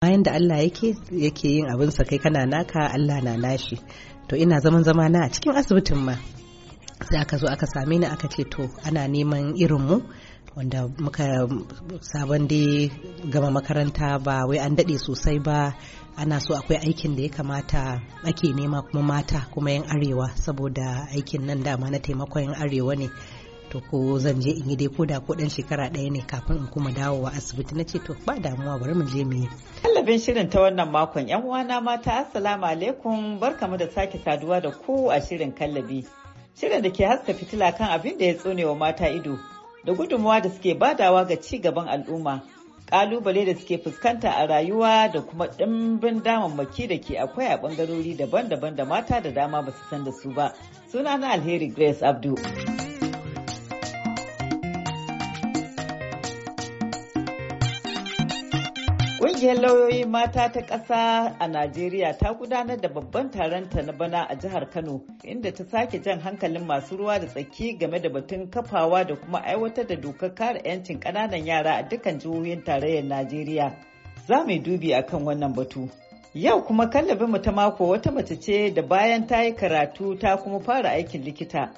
bayan da Allah yake yake yin abin sa kai kana naka Allah na nashi to ina zaman zama na a cikin asibitin ma sai aka zo aka same ni aka ce to ana neman irin mu wanda muka sabon dai gama makaranta ba wai an daɗe sosai ba ana so akwai aikin da ya kamata ake nema kuma mata kuma yan arewa saboda aikin nan dama na taimakon yan arewa ne to ko zan je in yi dai koda ko dan shekara ɗaya ne kafin in kuma dawo dawowa asibiti na ce to ba damuwa bari mu je mu yi. Kallabin shirin ta wannan makon yan uwana mata assalamu alaikum barkamu da sake saduwa da ku a shirin kallabi. Shirin da ke haska fitila kan abin da ya wa mata ido da gudunmawa da suke badawa ga ci gaban al'umma kalubale da suke fuskanta a rayuwa da kuma ɗimbin damammaki da ke akwai a ɓangarori daban-daban da mata da dama ba su san da su ba sunana alheri grace abdu. Ƙungiyar lauyoyi mata ta ƙasa a Najeriya ta gudanar da babban taronta na bana a jihar Kano inda ta sake jan hankalin masu ruwa da tsaki game da batun kafawa da kuma aiwatar da dokar kare 'yancin ƙananan yara a dukkan jihohin tarayyar Najeriya. Za mu yi dubi a kan wannan batu. Yau kuma kallabin mu ta mako wata mace ce da bayan ta yi karatu ta kuma fara aikin likita.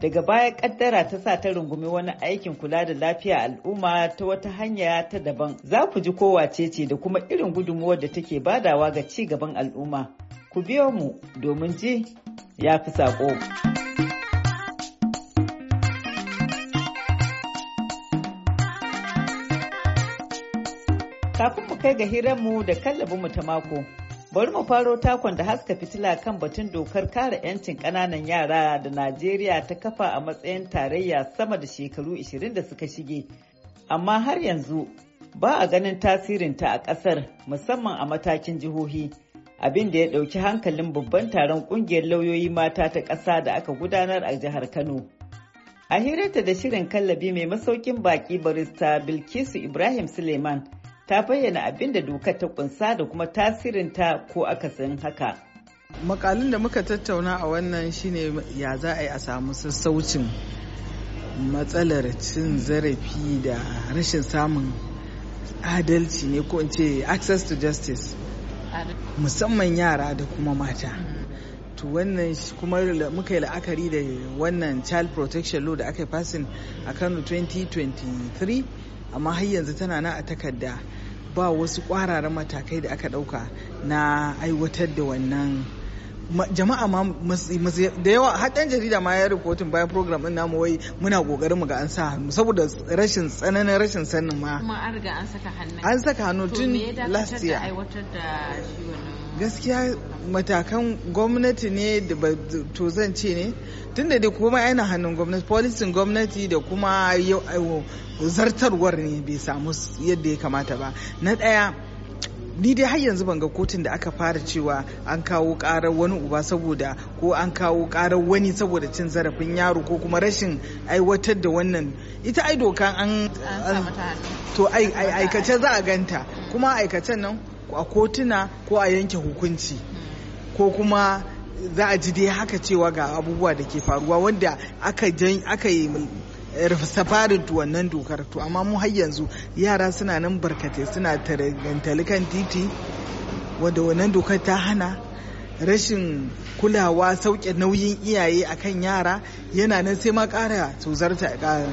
daga baya kaddara ta sa ta rungumi wani aikin kula da lafiya al'umma ta wata hanya ta daban za ku ji kowace ce da kuma irin gudunmuwar da take badawa ga ci gaban al'umma ku biyo mu domin ji ya fi saƙo. kafin mu kai ga hiranmu da kallabinmu ta mako Bari mu faro takon da haska fitila kan batun dokar kare 'yancin ƙananan yara da Najeriya ta kafa a matsayin tarayya sama da shekaru 20 da suka shige. Amma har yanzu ba a ganin tasirinta a ƙasar musamman a matakin jihohi. Abin da ya ɗauki hankalin babban taron ƙungiyar lauyoyi mata ta ƙasa da aka gudanar a jihar Kano. A hirarta da shirin kallabi mai masaukin baƙi barista Bilkisu Ibrahim Suleiman. ta bayyana abin da dokar ta kunsa da kuma tasirinta ko akasin haka. Makalin da muka tattauna a wannan shine ya za a yi a samu sassaucin matsalar cin zarafi da rashin samun adalci ne ko in ce access to justice musamman yara da kuma mata. To wannan kuma muka yi la'akari da wannan child protection law da aka yi fasin a Kano 2023 amma har yanzu tana na a takarda ba wasu kwararren matakai da aka ɗauka na aiwatar da wannan jama'a ma da yawa haɗin jarida ma ya rikotin bayan program ɗin namu wai muna ƙoƙarin mu ga an sa hannu saboda rashin tsananin rashin sanin ma an saka hannu an saka hannu tun last year gaskiya matakan gwamnati ne da ba to zan ce ne tun da kuma yana hannun gwamnati policing gwamnati da kuma eh, zartarwar ne bai samu yadda ya kamata ba na ɗaya ni dai har yanzu ban ga kotun da aka fara cewa an kawo karar wani uba saboda ko an kawo karar wani saboda cin zarafin yaro ko kuma rashin aiwatar da wannan ita ai dokan an to aikace za a ganta kuma aikacen nan a kotuna ko a yanke hukunci ko kuma za a ji dai haka cewa ga abubuwa da ke faruwa wanda aka aka yi eh, safarin wannan dokar to amma mu har yanzu yara suna nan barkatai suna tarantali kan titi wanda wannan dokar ta hana rashin kulawa sauke nauyin iyaye akan yara yana nan sai ma kara tozarta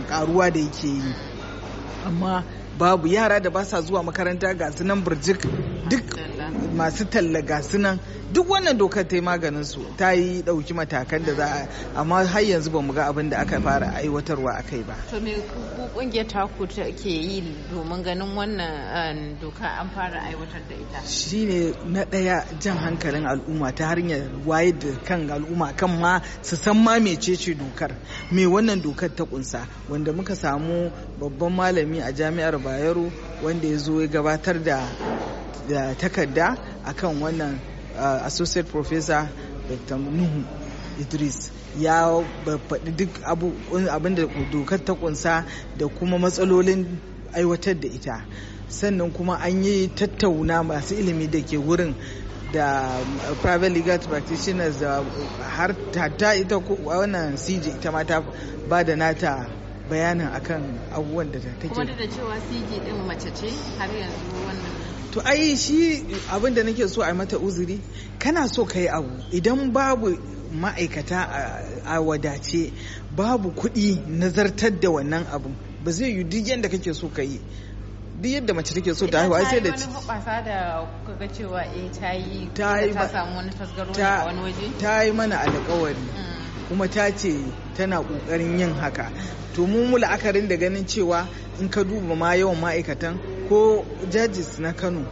karuwa da yake yi amma babu yara da ba sa zuwa makaranta ga sunan burjik duk masu tallaga sunan duk wannan dokar ta yi maganin su ta yi ɗauki matakan da za a amma har yanzu ba mu ga abin da aka fara aiwatarwa a kai ba. To me kungiyar taku ke yi domin ganin wannan eh, doka an fara aiwatar da ita? shine ne na ɗaya jan hankalin al'umma ta hanyar wayar da kan al'umma kan ma su san ma mecece dokar me wannan dokar ta kunsa wanda muka samu babban malami a jami'ar Bayero wanda ya zo ya gabatar da takarda akan wannan uh, associate professor dr nuhu idris ya faɗi duk abin da dokar ta kunsa da kuma matsalolin aiwatar da ita sannan kuma an yi tattauna masu ilimi da ke wurin da uh, private legal practitioners da uh, har ta ita wannan cj ita ma ta ba da nata bayanin akan abubuwan da take kuma da cewa cj din mace ce har yanzu wannan to ai shi abin da nake so a mata uzuri kana so ka abu idan babu ma'aikata a wadace babu kuɗi nazartar da wannan abu ba zai yi duk yadda kake so ka yi duk yadda mace take so ta haihu ai sai da ci hoɓasa cewa eh ta yi ta samu wani tasgaro a wani waje ta yi mana alƙawari mm. kuma ta ce tana ƙoƙarin yin haka to mu mu la'akarin da ganin cewa in ka duba ma yawan ma'aikatan ko judges na kano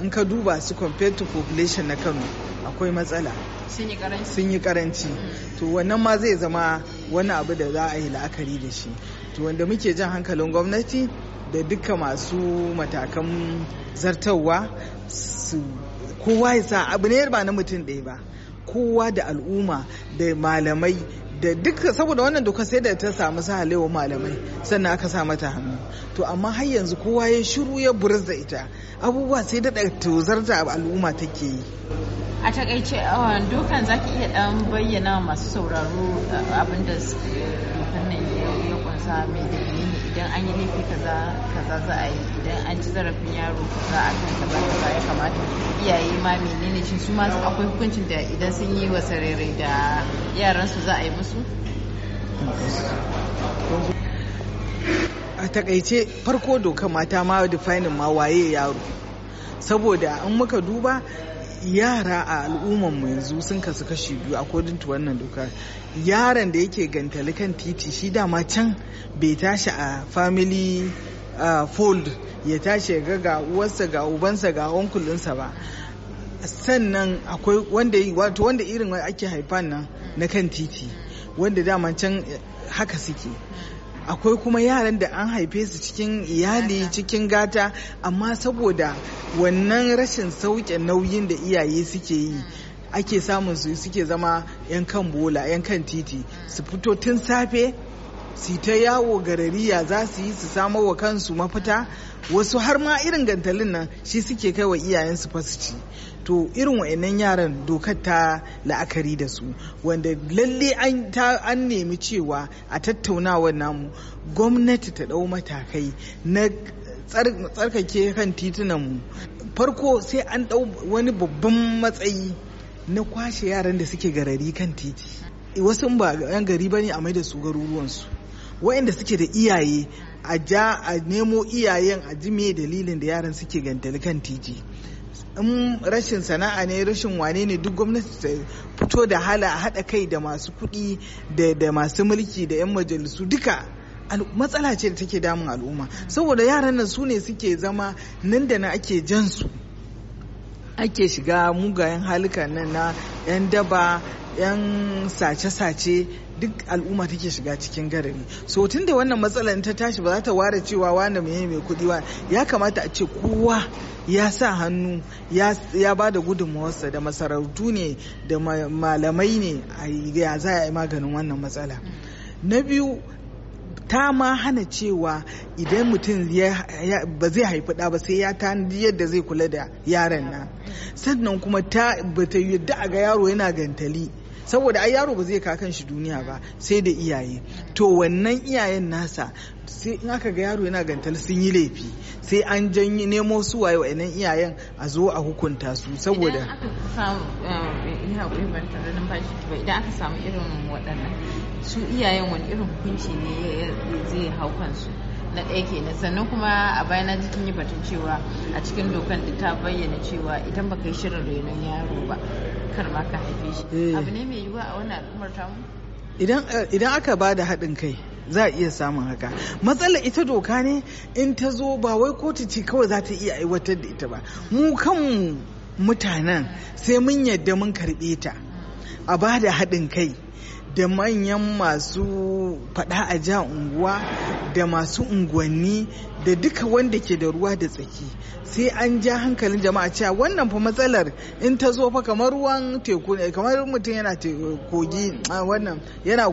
in ka duba su compared to population na kano akwai matsala sun yi karanci mm. to wannan ma zai zama wani abu da za a yi la'akari da shi to wanda muke jan hankalin gwamnati da duka masu matakan zartarwa su kowa ya sa abu ne ba na mutum ɗaya ba kowa da al'umma da malamai da duk saboda wannan dokar sai da ta samu sahalewa malamai sannan aka sa mata hannu to amma har yanzu kowa ya shiru ya buris ita abubuwa sai da tozar da al'umma take yi a takaice dokan za ki iya dan bayyana masu sauraro abin da dokan nan ya kunsa mai dalili idan an yi laifi kaza kaza za a yi idan an ci zarafin yaro kaza a kan kaza ya kamata iyaye ma menene shi su ma akwai hukuncin da idan sun yi wa sarere da yaransu za a yi musu a takaice farko doka mata ma fainin ma waye yaro saboda in muka duba yara a mu yanzu sun kasu kashi biyu a kodin wannan doka yaron da yake gantali kan titi shi dama can bai tashi a family uh, fold ya tashi ga ga uwarsa ga ubansa ga onkulinsa ba sannan akwai wanda wato wanda irin ake haifa nan na kan titi wanda dama can eh, haka suke akwai kuma yaran da an haife su cikin iyali cikin gata amma saboda wannan rashin sauke nauyin da iyaye suke yi hmm. ake samun su suke zama 'yan kan bola 'yan kan titi hmm. su fito tun safe su ta yawo garariya za su yi su samo wa kansu mafita wasu har ma irin gantalin nan shi suke kai wa iyayensu fa su to irin wa'annan yaran dokar ta la'akari da su wanda lalle an nemi cewa a tattaunawar namu gwamnati ta ɗau matakai na tsarkake kan mu. farko sai an ɗau wani babban matsayi na kwashe yaran da suke garari kan titi wasu ba yan gari ba ne a maida su garuruwansu waɗanda suke da iyaye a ja a nemo iyayen a ji me dalilin da yaran suke gantali kan titi in rashin sana'a ne rashin wane ne duk gwamnati ta fito da hala a haɗa kai da masu kuɗi da masu mulki da 'yan majalisu duka matsala ce da take damun al'umma saboda yaran nan su ne suke zama nan da na ake jansu ake shiga mugayen halika nan na 'yan daba 'yan sace-sace duk al'umma take shiga cikin garari so tun da wannan matsalar ta tashi ba za ta ware cewa wanda mai mai kuɗi wa ya kamata a ce kowa ya sa hannu ya ba da gudunmawarsa da masarautu ne da malamai ne ya za a yi maganin wannan matsala na biyu ta ma hana cewa idan mutum ba zai haifi ɗa ba sai ya tanadi yadda zai kula da yaran na sannan kuma ta yadda a ga yaro yana gantali saboda ai yaro ba zai kakan shi duniya ba sai da iyaye to wannan iyayen nasa sai in aka ga yaro yana gantal sun yi laifi sai an janyi nemo su waye iyayen a zo a hukunta su saboda eh, idan aka samu irin waɗannan su iyayen wani irin hukunci ne zai hau kansu na ɗaya kenan sannan kuma a bayana na jikin yi batun cewa a cikin dokan da ta bayyana cewa idan baka yi shirin renon yaro ba kar ma ka haife shi eh. abu ne mai yiwuwa a wannan al'ummar tamu idan aka ba da haɗin kai za a iya samun haka matsala ita doka ne in ta zo ba wai kotu ce kawai za ta iya aiwatar da ita ba mu kanmu mutanen sai mun yadda mun karɓe ta a ba da haɗin kai da manyan masu fada a jihar unguwa da masu unguwanni da duka wanda ke da ruwa da tsaki sai an ja hankalin jama'a cewa wannan fa matsalar in ta zo fa kamar ruwan teku ne kamar mutum yana kogi wannan yana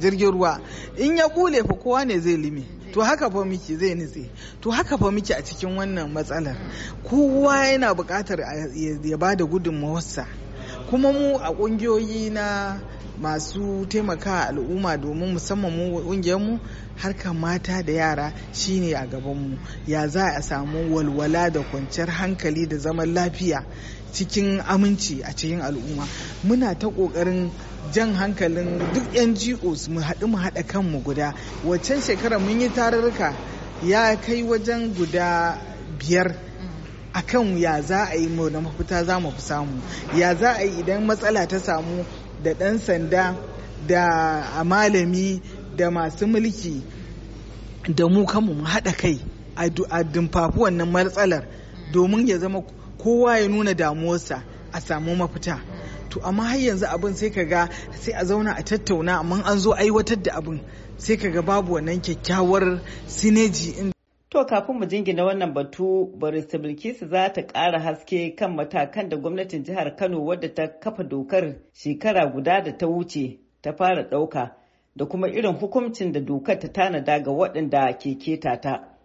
jirgin ruwa in ya kule fa kowa ne zai lime to haka fa miki zai nitse to haka fa miki a cikin wannan matsalar kowa yana bukatar ya bada gudunmawarsa kuma mu a ƙungiyoyi na masu taimaka al'umma domin musamman mu ƙungiyarmu harkar mata da yara shine a gabanmu ya za a samu walwala da kwanciyar hankali da zaman lafiya cikin aminci a cikin al'umma muna ta ƙoƙarin jan hankalin duk ngos mu haɗu mu haɗa kanmu guda waccan shekarar mun yi tarurruka ya kai wajen guda biyar akan ya za a yi mu na mafita za mu fi samu ya za a yi idan matsala ta samu da ɗan sanda da malami da masu mulki da mu kanmu mu haɗa kai a dumfafi wannan matsalar domin ya zama kowa ya nuna damuwarsa a samu mafita to amma har yanzu abin sai ka ga sai a zauna a tattauna amma an zo aiwatar da abin sai ka ga babu wannan kyakkyawar sineji To kafin mu jingina wannan batu, Barista Bilkisu za ta ƙara haske kan matakan da gwamnatin jihar Kano wadda ta kafa dokar shekara guda da ta wuce ta fara ɗauka da kuma irin hukuncin da dokar ta tanada ga waɗanda ke ketata.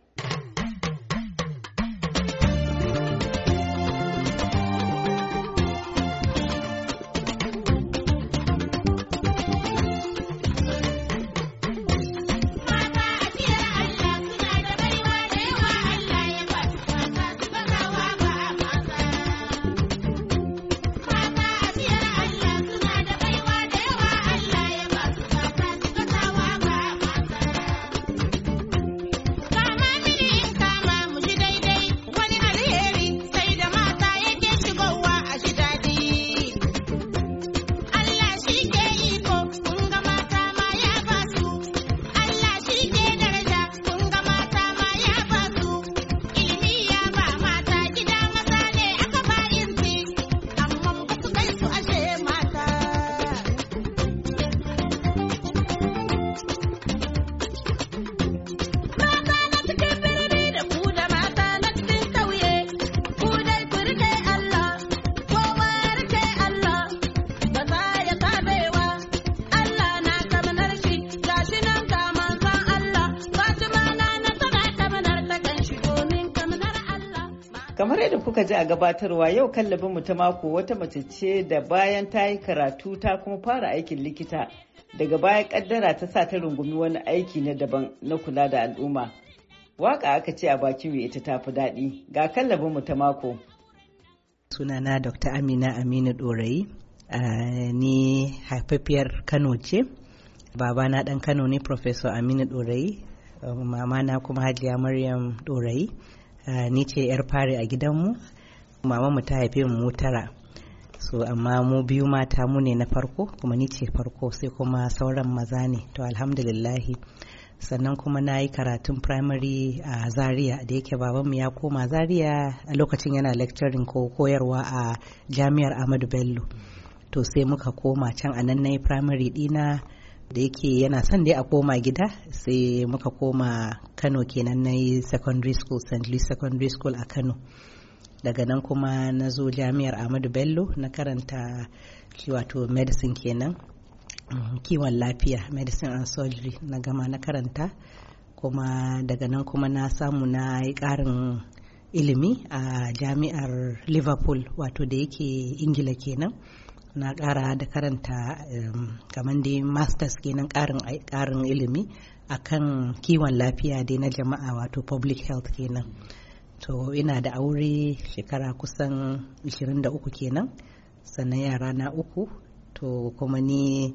aka ji a gabatarwa yau mu ta mako wata mace ce da bayan ta yi karatu ta kuma fara aikin likita daga baya kaddara ta sa ta rungumi wani aiki na daban na kula da al'umma waka aka ce a bakin ita ta fi daɗi ga mu ta mako sunana dr amina aminu dorayi ni haifafiyar kano ce babana ɗan kano ne professor aminu dorayi mama na kuma hajiya maryam dorayi Eh, ni ce yar fari a gidanmu mamanmu ta haife mu tara so amma mu biyu mata mu ne na farko kuma ni ce farko sai kuma sauran maza ne to alhamdulillahi sannan kuma na yi karatun primary a zaria da yake babanmu ya koma zaria a lokacin yana lecturing ko koyarwa a jami'ar ahmadu bello to sai muka koma can a nan na yi primary dina da yake yana son dai a koma gida sai muka koma kano kenan na yi secondary school st louis secondary school a kano daga nan kuma na zo jami'ar ahmadu bello na karanta wato medicine kenan mm, kiwon lafiya medicine and surgery na gama na karanta kuma daga nan kuma na samu na yi karin ilimi a jami'ar liverpool wato da yake ingila kenan na kara da karanta um, kamar dai masters kenan karin ilimi a kan kiwon lafiya dai na jama'a wato public health kenan to ina da aure shekara kusan 23 kenan sannan yara na uku to kuma ni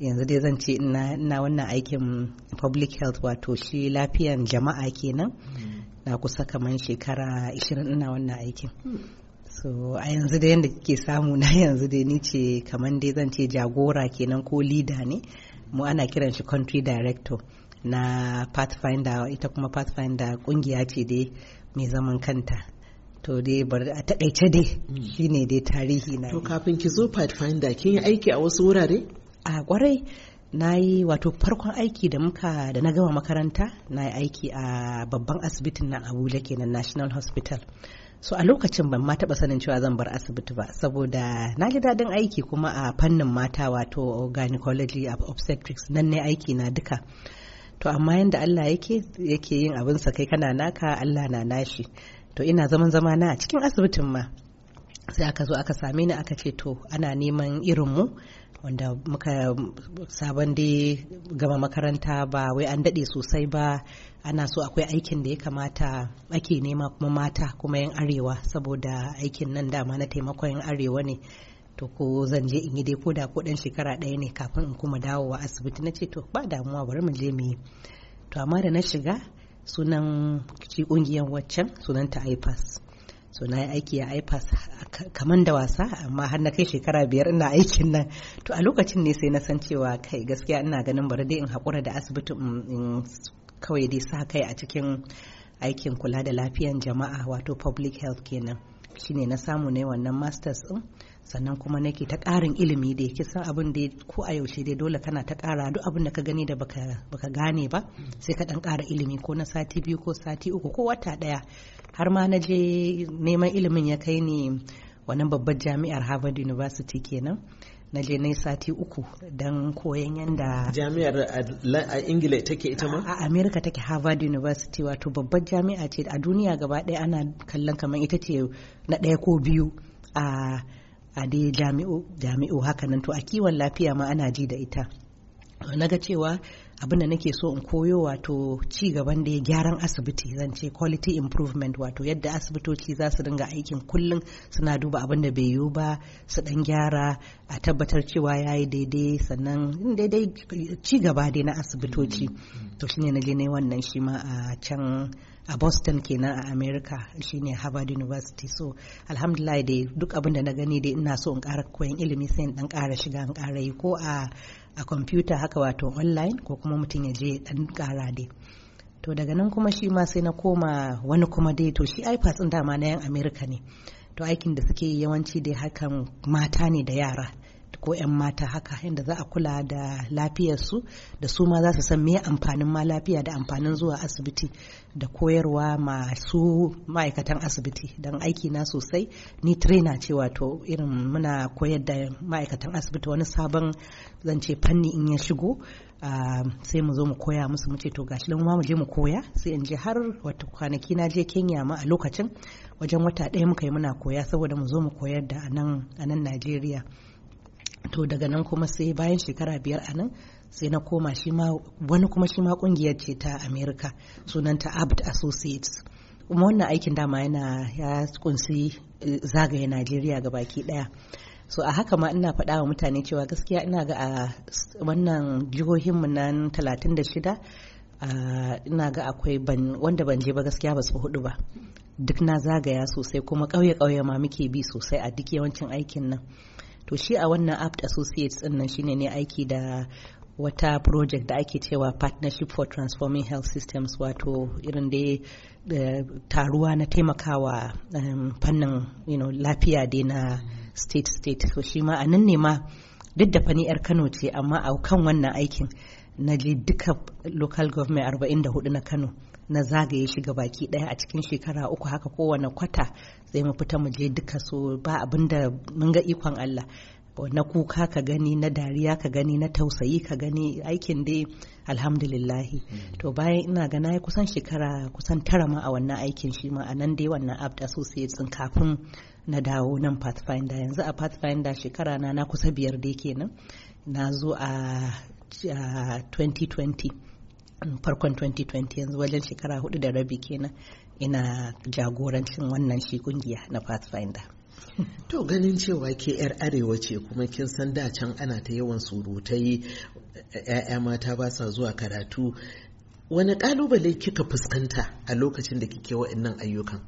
yanzu dai zan ce ina wannan aikin public health wato shi lafiyan jama'a kenan hmm. na kusa kamar shekara 20 ina wannan aikin hmm. so a yanzu da yadda kike samu na yanzu da ni ce kamar dai zan ce jagora kenan ko leader ne mu ana kiran shi country director na pathfinder ita kuma pathfinder kungiya ce dai mai zaman kanta to dai bari a takaice dai hmm. shine dai tarihi na to kafin ki zo pathfinder kin yi aiki a wasu wurare a kwarai na yi wato farkon aiki da muka da na gama makaranta na yi aiki a babban asibitin na abuja kenan national hospital so a lokacin ban ma taɓa sanin cewa zan bar asibiti ba saboda na ji daɗin aiki kuma a fannin mata wato gynecology obstetrics nan ne aiki na duka to amma yadda Allah yake yake yin abinsa kai kana naka Allah na nashi to ina zaman zama na a cikin asibitin ma sai aka zo aka same ni aka ce to ana neman irinmu wanda muka sabon da gama makaranta ba wai an daɗe sosai ba ana so akwai aikin da ya kamata ake nema kuma mata kuma yan arewa saboda aikin nan dama na taimakon yan arewa ne to ko zan je in yi dai ko da ko ɗan shekara ɗaya ne kafin in kuma dawo wa asibiti na ce to ba damuwa bari mu je mu yi to amma da na shiga sunan ci ƙungiyar waccan sunanta ipas so na yi aiki a ipas kaman da wasa amma har na kai shekara biyar ina aikin nan to a lokacin ne sai na san cewa kai gaskiya ina ganin bari dai in haƙura da asibiti in kawai dai sa kai a cikin aikin kula da lafiyan jama'a wato public health kenan shine na samu ne wannan masters din sannan kuma nake ta ƙarin ilimi da yake san abin da ko a yaushe dai dole kana ta ƙara duk abin da ka gani da baka baka gane ba sai ka dan ƙara ilimi ko na sati biyu ko sati uku ko wata ɗaya har ma na je neman ilimin ya kai ni wannan babbar jami'ar Harvard University kenan na je na sati uku don koyon yadda jami'ar a ingila take ita ma a america take harvard university wato babbar jami'a ce a duniya gaba ɗaya ana kallon kamar ita ce na ɗaya ko biyu a a dai jami'o jami'o haka nan to a kiwon lafiya ma ana ji da ita na ga cewa abin da nake so in koyo wato ci gaban da ya gyaran asibiti zan ce quality improvement wato yadda asibitoci za su dinga aikin kullum suna duba abin da bai yiwu ba su dan gyara a tabbatar cewa ya yi daidai sannan daidai ci gaba dai na asibitoci mm-hmm. to shine na je ne wannan shi ma a can a boston kenan a america shine harvard university so alhamdulillah dai duk abin da na gani dai ina so in kara koyon ilimi sai in dan kara shiga in kara yi ko a a kwamfuta haka wato online ko kuma mutum ya je dan kara dai to daga nan kuma shi ma sai na koma wani kuma dai to shi ipas din dama na yan america ne to aikin da suke yawanci dai hakan mata ne da yara ko 'yan mata haka inda za a kula da lafiyarsu da su ma za su san me amfanin ma lafiya da amfanin zuwa asibiti da koyarwa masu ma'aikatan asibiti don aiki na sosai ni trainer ce wato irin muna koyar da ma'aikatan asibiti wani sabon zance fanni in ya shigo sai mu zo mu koya musu mu ce to gashi dan ma mu je mu koya sai in je har wata kwanaki na je Kenya ma a lokacin wajen wata ɗaya muka yi muna koya saboda mu zo mu koyar da a nan Najeriya to daga nan kuma sai bayan shekara biyar a nan sai na koma shi ma wani kuma shi ma kungiyar ce ta america sunanta abd associates kuma wannan aikin dama yana ya kunsi eh, zagaye najeriya ga baki daya so a haka ma ina faɗa wa mutane cewa gaskiya ina ga a wannan jihohinmu nan 36 ina ga akwai wanda ban je ba gaskiya ba su hudu ba duk na zagaya sosai kuma ƙauye-ƙauye ma muke bi sosai a duk yawancin aikin nan to shi a wannan apt associates din nan shine ne aiki da wata project da ake cewa partnership for transforming health systems wato irin da taruwa na taimakawa um, fannin you know, lafiya dai na state state so shi ma a nan ne ma duk da fani yar kano ce amma a kan wannan aikin na je duka local government 44 na kano na zagaye shi ga baki daya a cikin shekara uku haka kowane kwata sai mu fita mu je duka so ba abin da mun ga ikon Allah na kuka ka gani na dariya ka gani na tausayi ka gani aikin dai alhamdulillahi mm. to bayan ina ga nayi kusan shekara kusan tara ma a wannan aikin shi ma a nan dai wannan abd associates kafin na dawo nan pathfinder yanzu a pathfinder shekara na na kusa biyar dai kenan na zo a 2020 farkon 2020 yanzu wajen shekara hudu da rabi kenan ina jagorancin wannan shi kungiya na pathfinder to ganin cewa ke yar arewa ce kuma kin san da can ana ta yawan surutai 'ya'ya mata ba sa zuwa karatu wani kalubale kika fuskanta a lokacin da kike wa'annan ayyukan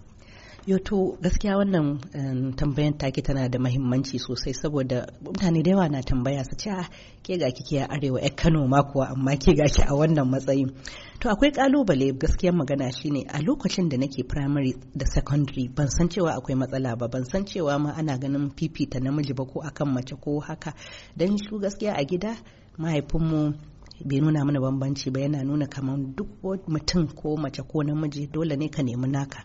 Yoto gaskiya wannan tambayan take tana da mahimmanci sosai saboda mutane da yawa na tambaya su ce ah, ke ga kike a arewa ya Kano ma kuwa amma ke ga ki a wannan matsayin. To akwai kalubale gaskiya magana shine a lokacin da nake primary da secondary ban san cewa akwai matsala ba ban san cewa ma ana ganin fifita namiji ba ko akan mace ko haka dan shi gaskiya a gida mahaifinmu bai nuna mana bambanci ba yana nuna kamar duk mutum ko mace ko namiji dole ne ka nemi naka.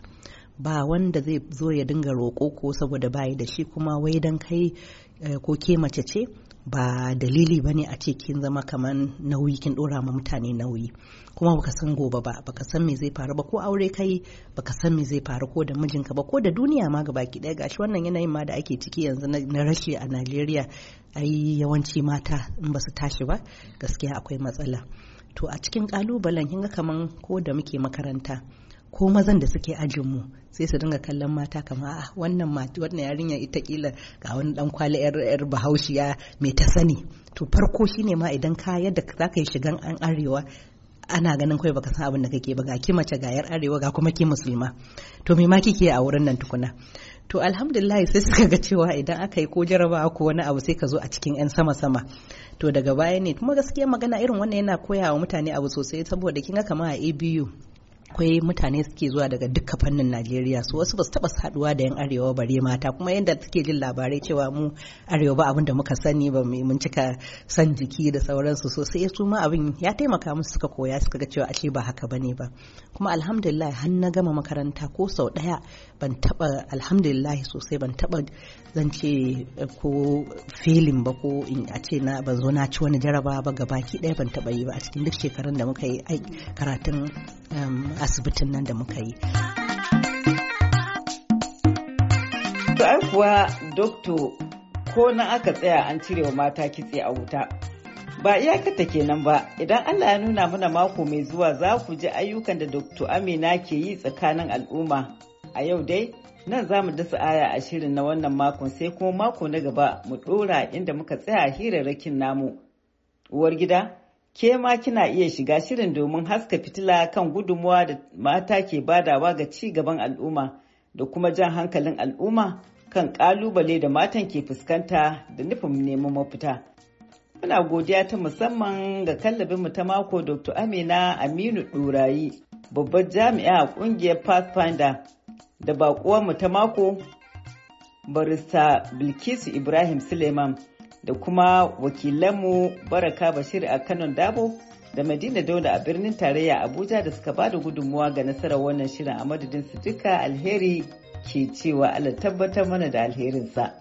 ba wanda zai zo ya dinga roƙo ko saboda bayi da shi kuma wai dan kai eh, ko ke mace ce ba dalili ba ne a ce kin zama kaman nauyi kin dora ma mutane nauyi kuma baka san gobe ba baka san me zai faru ba ko aure kai baka san me zai faru ko da mijinka ba ko da duniya ma gaba ki ɗaya gashi wannan yanayin ma da ake ciki yanzu na rashi a Najeriya ai yawanci mata in ba su tashi ba gaskiya akwai matsala to a cikin kalubalen kinga kaman ko da muke makaranta ko mazan da suke ajinmu sai su dinga kallon mata kama a wannan wannan yarinya ita kila ga wani dan kwali yar yar bahaushiya mai ta sani to farko shine ma idan ka yadda zaka yi shigan an arewa ana ganin kawai baka san abin da kake ba ga ki mace ga yar arewa ga kuma ki musulma to me ma kike a wurin nan tukuna to alhamdulillah sai suka ga cewa idan aka yi ko jarabawa ko wani abu sai ka zo a cikin yan sama sama to daga baya ne kuma gaskiya magana irin wannan yana koya wa mutane abu sosai saboda kin ga kamar a ABU akwai mutane suke zuwa daga duka fannin najeriya su wasu basu taba saduwa da yan arewa bare mata kuma yadda suke jin labarai cewa mu arewa ba abin da muka sani ba mun cika san jiki da sauransu sosai su ma abin ya taimaka musu suka koya suka ga cewa ashe ba haka bane ba kuma alhamdulillah har na gama makaranta ko sau daya ban taba alhamdulillah sosai ban taba zan ce eh, ko filin ba ko in a ce na ban zo na ci wani jaraba ba gabaki daya ban taba yi ba a cikin duk shekarun da muka yi karatun um, asibitin nan da muka yi. kuwa dokto ko na aka tsaya an cire wa mata kitse a wuta. Ba iyakarta kenan ba, idan Allah ya nuna mana mako mai zuwa za ku ji ayyukan da Dr. Amina ke yi tsakanin al'umma. A yau dai, nan za mu dasa aya a shirin na wannan makon sai kuma mako na gaba mu ɗora inda muka tsaya hirarrakin namu. Uwar gida, ke ma kina iya shiga shirin domin haska fitila kan gudunmuwa da mata ke badawa ga ci gaban al'umma da kuma jan hankalin al'umma kan kalubale da matan ke fuskanta da nufin neman mafita. Muna godiya ta musamman ga kallabinmu ta mako Dr. Amina Aminu Ɗurayi, babbar jami'a a ƙungiyar Pathfinder da mu ta mako barista Bilkisu Ibrahim Suleiman. da kuma wakilanmu baraka bashir a kanon dabo da madina Dauda a birnin tarayya abuja da suka bada gudunmuwa ga nasarar wannan shirin a madadin su duka alheri ke cewa allah tabbatar mana da alherinsa.